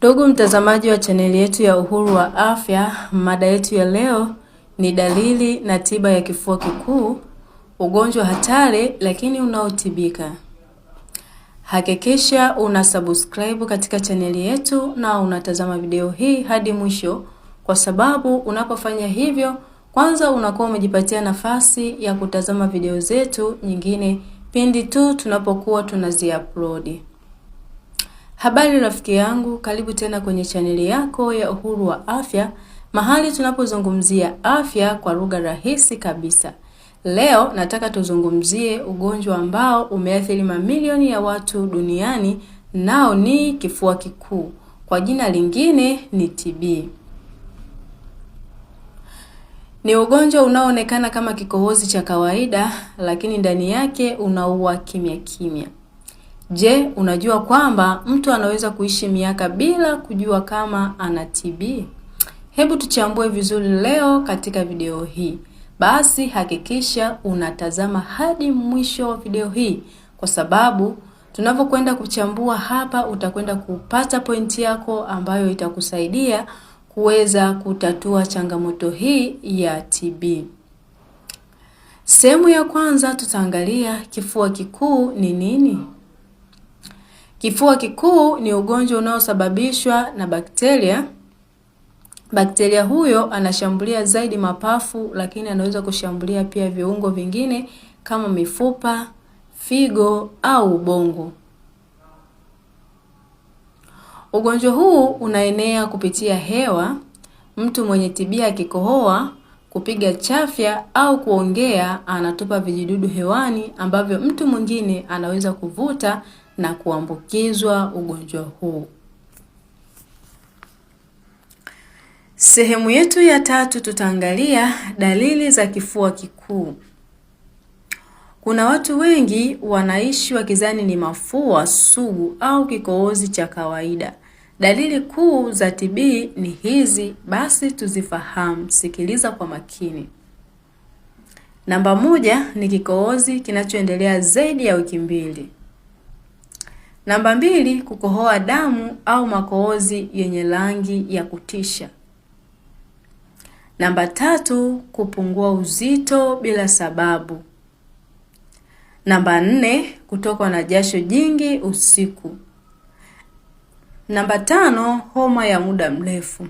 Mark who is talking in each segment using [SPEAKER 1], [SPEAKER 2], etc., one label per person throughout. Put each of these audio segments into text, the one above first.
[SPEAKER 1] Ndugu mtazamaji wa chaneli yetu ya Uhuru wa Afya, mada yetu ya leo ni dalili na tiba ya kifua kikuu, ugonjwa hatari lakini unaotibika. Hakikisha una subscribe katika chaneli yetu na unatazama video hii hadi mwisho, kwa sababu unapofanya hivyo, kwanza unakuwa umejipatia nafasi ya kutazama video zetu nyingine pindi tu tunapokuwa upload. Habari rafiki yangu, karibu tena kwenye chaneli yako ya Uhuru wa Afya, mahali tunapozungumzia afya kwa lugha rahisi kabisa. Leo nataka tuzungumzie ugonjwa ambao umeathiri mamilioni ya watu duniani, nao ni kifua kikuu, kwa jina lingine ni TB. Ni ugonjwa unaoonekana kama kikohozi cha kawaida, lakini ndani yake unaua kimya kimya. Je, unajua kwamba mtu anaweza kuishi miaka bila kujua kama ana TB? Hebu tuchambue vizuri leo katika video hii. Basi hakikisha unatazama hadi mwisho wa video hii kwa sababu tunavyokwenda kuchambua hapa utakwenda kupata pointi yako ambayo itakusaidia kuweza kutatua changamoto hii ya TB. Sehemu ya kwanza tutaangalia kifua kikuu ni nini? Kifua kikuu ni ugonjwa unaosababishwa na bakteria. Bakteria huyo anashambulia zaidi mapafu, lakini anaweza kushambulia pia viungo vingine kama mifupa, figo au ubongo. Ugonjwa huu unaenea kupitia hewa. Mtu mwenye tibia akikohoa kupiga chafya au kuongea, anatupa vijidudu hewani ambavyo mtu mwingine anaweza kuvuta na kuambukizwa ugonjwa huu. Sehemu yetu ya tatu tutaangalia dalili za kifua kikuu. Kuna watu wengi wanaishi wakizani ni mafua sugu au kikohozi cha kawaida, Dalili kuu za TB ni hizi, basi tuzifahamu. Sikiliza kwa makini. Namba moja ni kikohozi kinachoendelea zaidi ya wiki mbili. Namba mbili, kukohoa damu au makohozi yenye rangi ya kutisha. Namba tatu, kupungua uzito bila sababu. Namba nne, kutokwa na jasho jingi usiku. Namba tano, homa ya muda mrefu,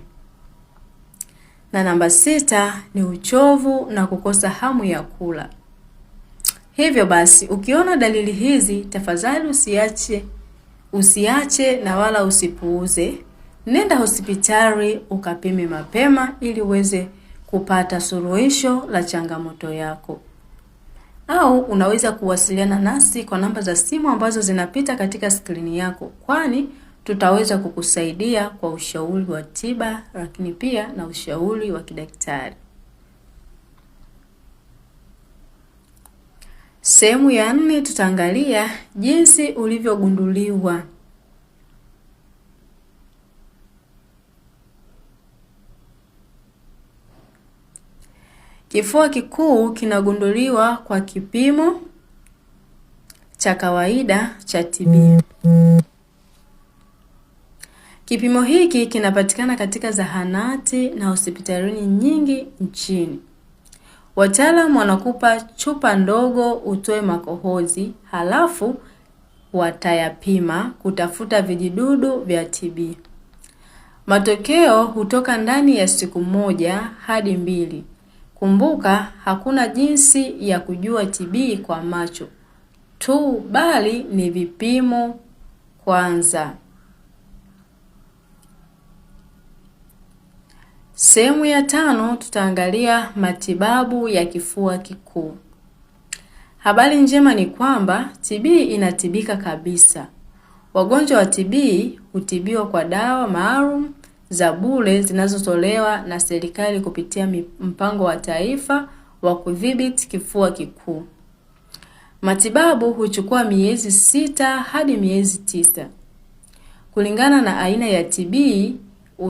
[SPEAKER 1] na namba sita ni uchovu na kukosa hamu ya kula. Hivyo basi, ukiona dalili hizi, tafadhali usiache usiache na wala usipuuze. Nenda hospitali ukapime mapema ili uweze kupata suluhisho la changamoto yako, au unaweza kuwasiliana nasi kwa namba za simu ambazo zinapita katika skrini yako, kwani tutaweza kukusaidia kwa ushauri wa tiba, lakini pia na ushauri wa kidaktari. Sehemu ya nne tutaangalia jinsi ulivyogunduliwa. Kifua kikuu kinagunduliwa kwa kipimo cha kawaida cha TB. Kipimo hiki kinapatikana katika zahanati na hospitalini nyingi nchini. Wataalamu wanakupa chupa ndogo utoe makohozi, halafu watayapima kutafuta vijidudu vya TB. Matokeo hutoka ndani ya siku moja hadi mbili. Kumbuka, hakuna jinsi ya kujua TB kwa macho tu, bali ni vipimo kwanza. Sehemu ya tano tutaangalia matibabu ya kifua kikuu. Habari njema ni kwamba TB inatibika kabisa. Wagonjwa wa TB hutibiwa kwa dawa maalum za bure zinazotolewa na serikali kupitia mpango wa taifa wa kudhibiti kifua kikuu. Matibabu huchukua miezi sita hadi miezi tisa kulingana na aina ya TB